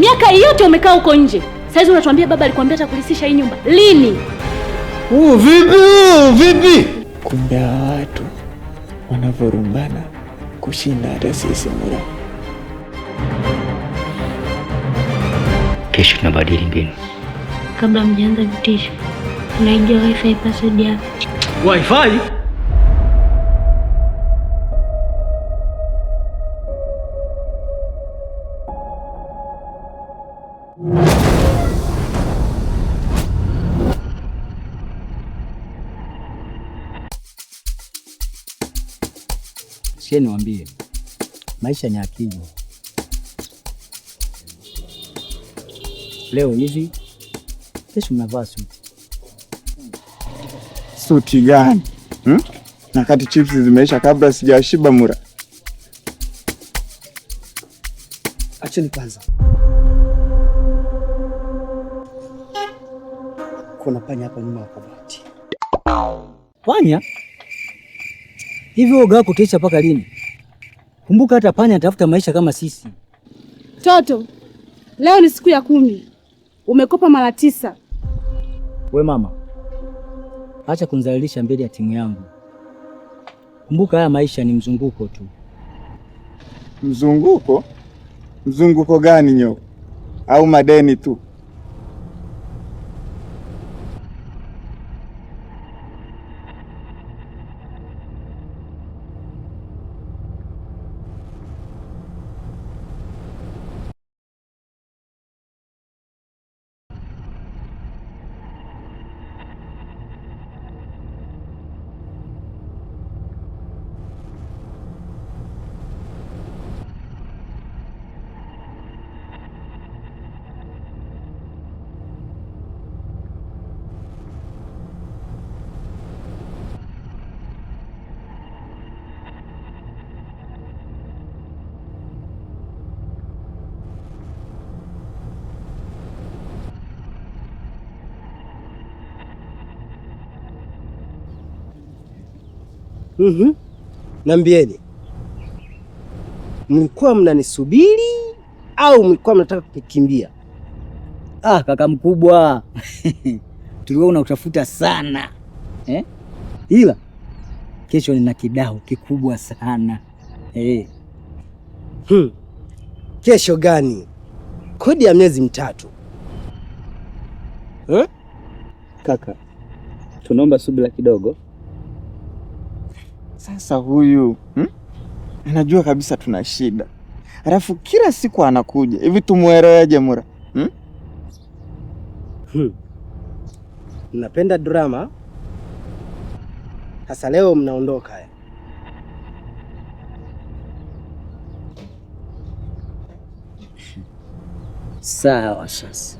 Miaka yote umekaa huko nje, saizi unatuambia baba alikwambia atakulisisha hii nyumba lini? Uh, vipi uh, vipi? Kumbe hawa watu wanavyorumbana kushinda hata sisi mura. Kesho tunabadili mbinu. Kabla mjaanza vitisho, unaijua wifi password yako. Wifi? sie, niwambie maisha ni akili. Leo hivi, kesho mnavaa suti. Suti gani? Hmm? Na kati chips zimeisha kabla sijashiba mura. Acheni kwanza, kuna panya hapa nyuma ya kabati. Panya? Hivi woga wako utaisha mpaka lini? Kumbuka hata panya anatafuta maisha kama sisi. Toto, leo ni siku ya kumi, umekopa mara tisa. We mama, acha kunzalilisha mbele ya timu yangu. Kumbuka haya maisha ni mzunguko tu. Mzunguko? Mzunguko gani nyoko? Au madeni tu? mm -hmm. Nambieni, mlikuwa mnanisubiri au mlikuwa mnataka kukimbia? Ah, kaka mkubwa tulikuwa unakutafuta sana eh? Ila kesho nina kidao kikubwa sana eh. Hmm. Kesho gani? Kodi ya miezi mitatu eh? Kaka, tunaomba subira kidogo sasa huyu hmm? Anajua kabisa tuna shida, alafu kila siku anakuja hivi, tumweleweje Mura hmm? Hmm. Mnapenda drama hasa. Leo mnaondoka ya. Sawa, sasa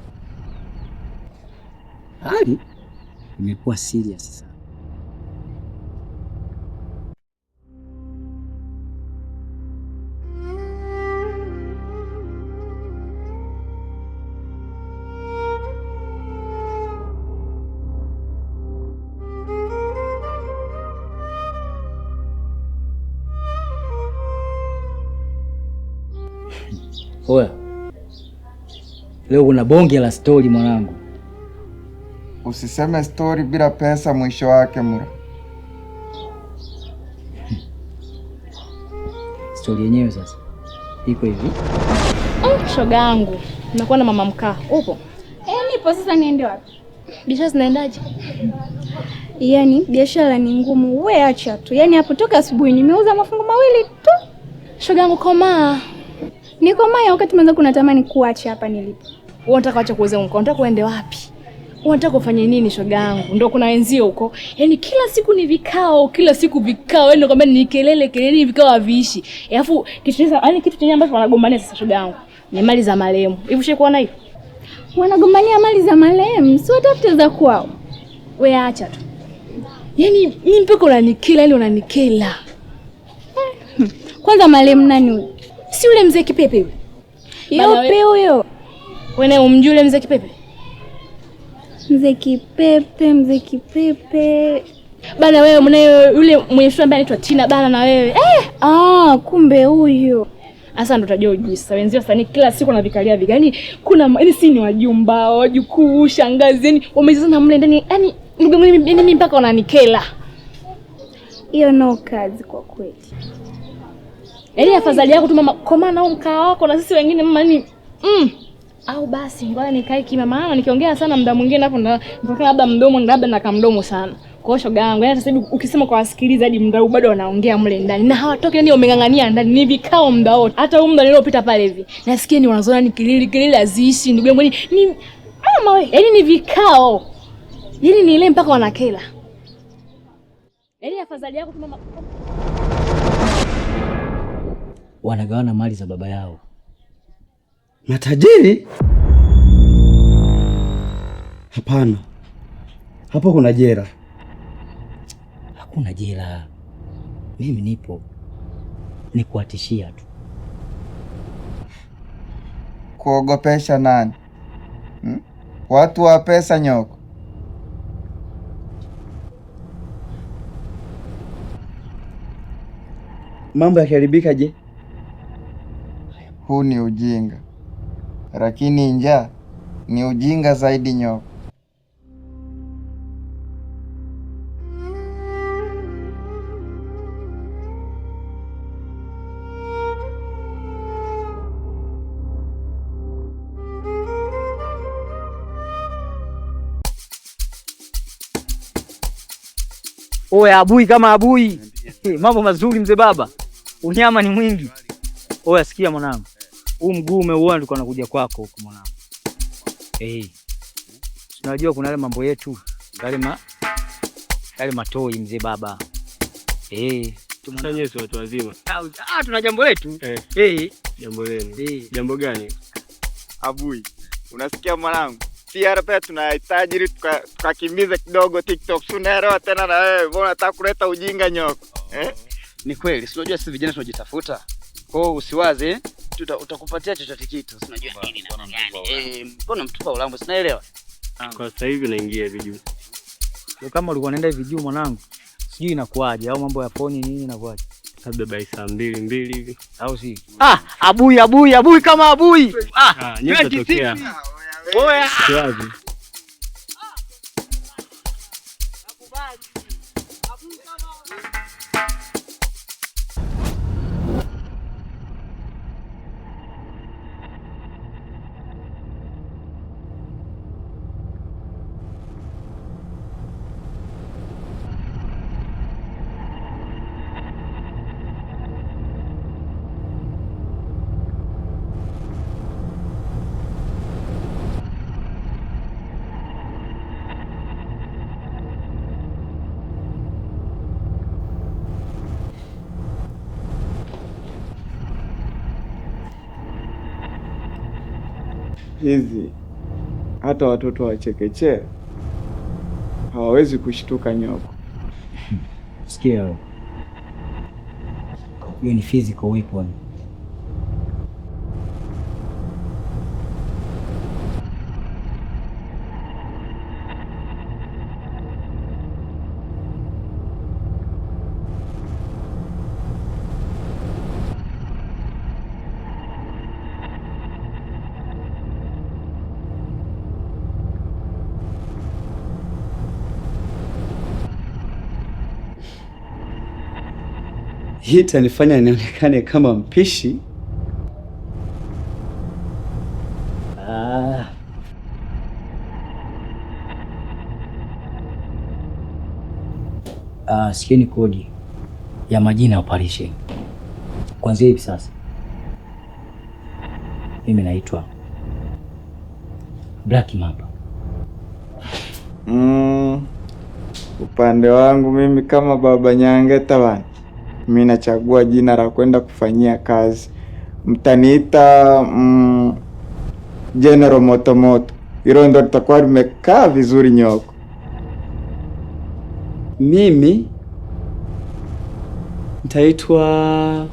hali imekuwa serious sasa. Leo kuna bonge la stori mwanangu. Usiseme stori bila pesa, mwisho wake mura. Hmm. Stori yenyewe sasa iko hivi. Oh, shoga yangu, nakuwa na mama mkaa. Upo? Eh, nipo. Sasa niende wapi? Biashara zinaendaje? Yaani biashara ni ngumu, we acha tu. Yaani hapo toka asubuhi nimeuza mafungu mawili tu. Shoga yangu, komaa. Nikomaa wakati mwanzo kuna tamani kuacha hapa nilipo. Wewe unataka acha kuweza huko, unataka uende wapi? Wewe unataka ufanye nini shoga yangu? Ndio kuna wenzio huko. Yaani kila siku ni vikao, kila siku vikao. Yaani nakwambia ni kelele kelele ni vikao haviishi. Alafu kitu yaani kitu chenye ambacho wanagombania sasa shoga yangu ni mali za marehemu. Hivi ushe kuona hivi? Wanagombania mali za marehemu, sio tafuta za kwao. Wewe acha tu. Yaani mimi mpaka unanikela, yaani unanikela. Hmm. Kwanza marehemu nani huyo? Si yule mzee kipepe yule. Yope huyo. Wewe umjule mzee Kipepe? Mzee Kipepe, mzee Kipepe bana, wewe mnaye yule mwenye shule ambaye anaitwa Tina bana, na wewe eh, ah, kumbe huyo sasa ndo utajua ujisa. Sasa wenzio wasanii kila siku wanavikalia viga, yani kuna yaani, si ni wajumba, wajukuu, shangazi, yaani wamezana mle ndani, yaani ndugu mimi mpaka wananikela. Hiyo no kazi kwa kweli. Yaani afadhali yako tu mama, kwa maana mkaa wako na sisi wengine mama ni mm au basi ngoja nikae kimya, maana nikiongea sana muda mwingine hapo natokea labda mdomo labda na kamdomo sana. Kwa hiyo shoga yangu, yaani sasa hivi ukisema kwa wasikilizaji hadi muda huu bado wanaongea mle ndani na hawatoki, yani wameng'ang'ania ndani, ni vikao muda wote. Hata huu muda niliopita pale hivi nasikia ni wanazona ni kilili kilili, aziishi ndugu yangu, yaani ni mama ama yani ni vikao, yani ni ile mpaka wanakela, yani afadhali yako kama wanagawana mali za baba yao matajiri? Hapana, hapo kuna jera. Hakuna jera, mimi nipo, nikuatishia tu. Kuogopesha nani? Hmm? Watu wa pesa nyoko. Mambo yakiharibika je? Huu ni ujinga lakini njaa ni ujinga zaidi nyoka. Oya, abui kama abui. Mambo mazuri mzee baba. Unyama ni mwingi. Oya, sikia mwanangu huu mguu umeuona, nilikuwa nakuja kwako huko mwanangu. Eh, unajua kuna yale mambo yetu yale ma yale matoi mzee baba. Eh, tumsanye sio watu wazima. Ah, tuna jambo letu. Eh, eh, jambo lenu. Eh, jambo gani? Abui, unasikia mwanangu? Pia pia tunahitaji ili tukakimbiza kidogo TikTok. Tunaelewa tena na wewe, mbona unataka kuleta ujinga nyoko? Eh? Ni kweli, si unajua sisi vijana tunajitafuta. Kwa hiyo usiwaze utakupatia chochote kitu, unajua nini na gani eh, mbona mtupa ulambo, sinaelewa ah, kwa sasa hivi. Naingia hivi juu, kama ulikuwa unaenda hivi juu mwanangu, sijui inakuaje, au mambo ya foni nini inakuaje, labda bai saa mbili mbili hivi, au si ah, abui abui abui kama abui ah, ah nyota hizi hata watoto wa chekechea hawawezi kushtuka nyoka. Sikia, hiyo ni physical weapon. Hii itanifanya nionekane kama mpishi. Ah. ah sikieni kodi ya majina ya operesheni kuanzia hivi sasa. Mimi naitwa Black Mamba. Mm, upande wangu mimi kama Baba Nyangeta bana mi nachagua jina la kwenda kufanyia kazi. Mtaniita mm, General Motomoto. Hilo ndo litakuwa limekaa vizuri Nyoko. Mimi nitaitwa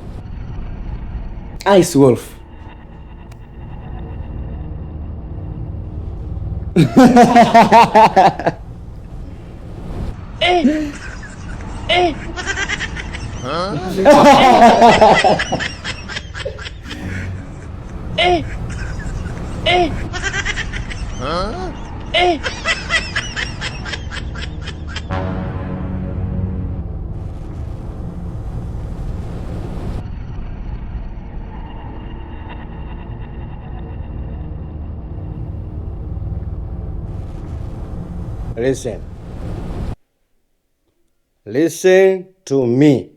Ice Wolf. eh, eh. Eh! Eh! Huh? Eh! Listen. Listen to me.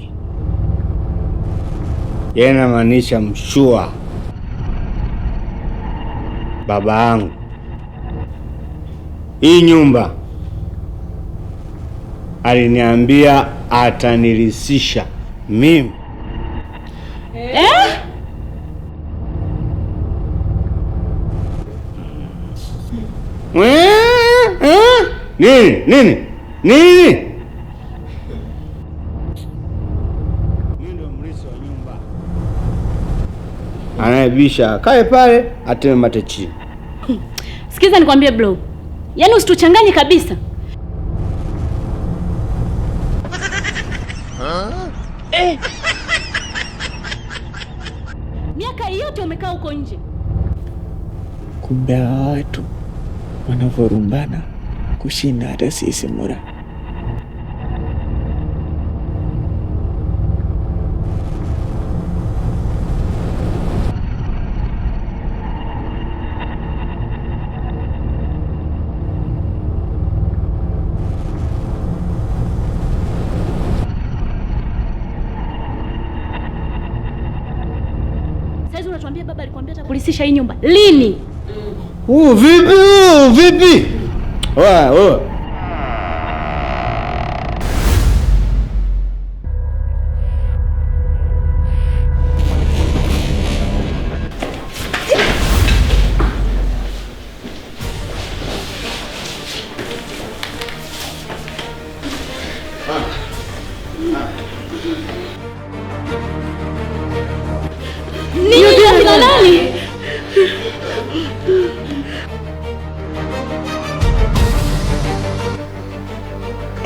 yanamaanisha mshua, baba yangu. Hii nyumba aliniambia atanirisisha mimi eh? Eh? eh? Nini nini nini? anayebisha kae pale ateme mate chini. Sikiza nikwambie bro, yaani usituchanganye kabisa eh. Miaka yote umekaa huko nje, kumbe hawa watu wanavyorumbana kushinda hata sisi mura kuhamisisha hii nyumba lini? Vipi vipi?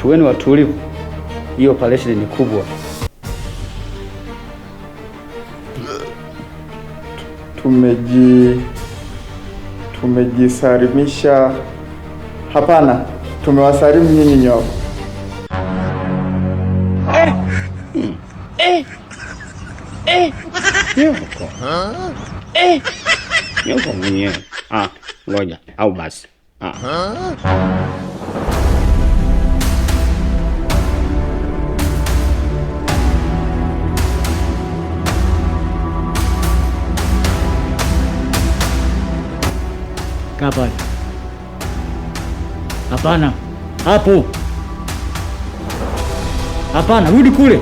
tuweni watulivu, hiyo operation ni kubwa. Tumeji tumejisalimisha. Hapana, tumewasalimu nyinyi nyote. Eh. Eh. Ngoja au basi. Ah. Kaa pale. Hapana, hapo. Hapana, rudi kule.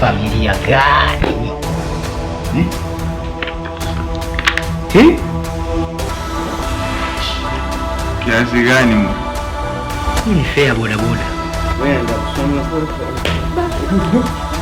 Familia gani? Hmm? Hmm? Kiasi gani? Hii ni fea bodaboda. Wenda ndio kusoma kule.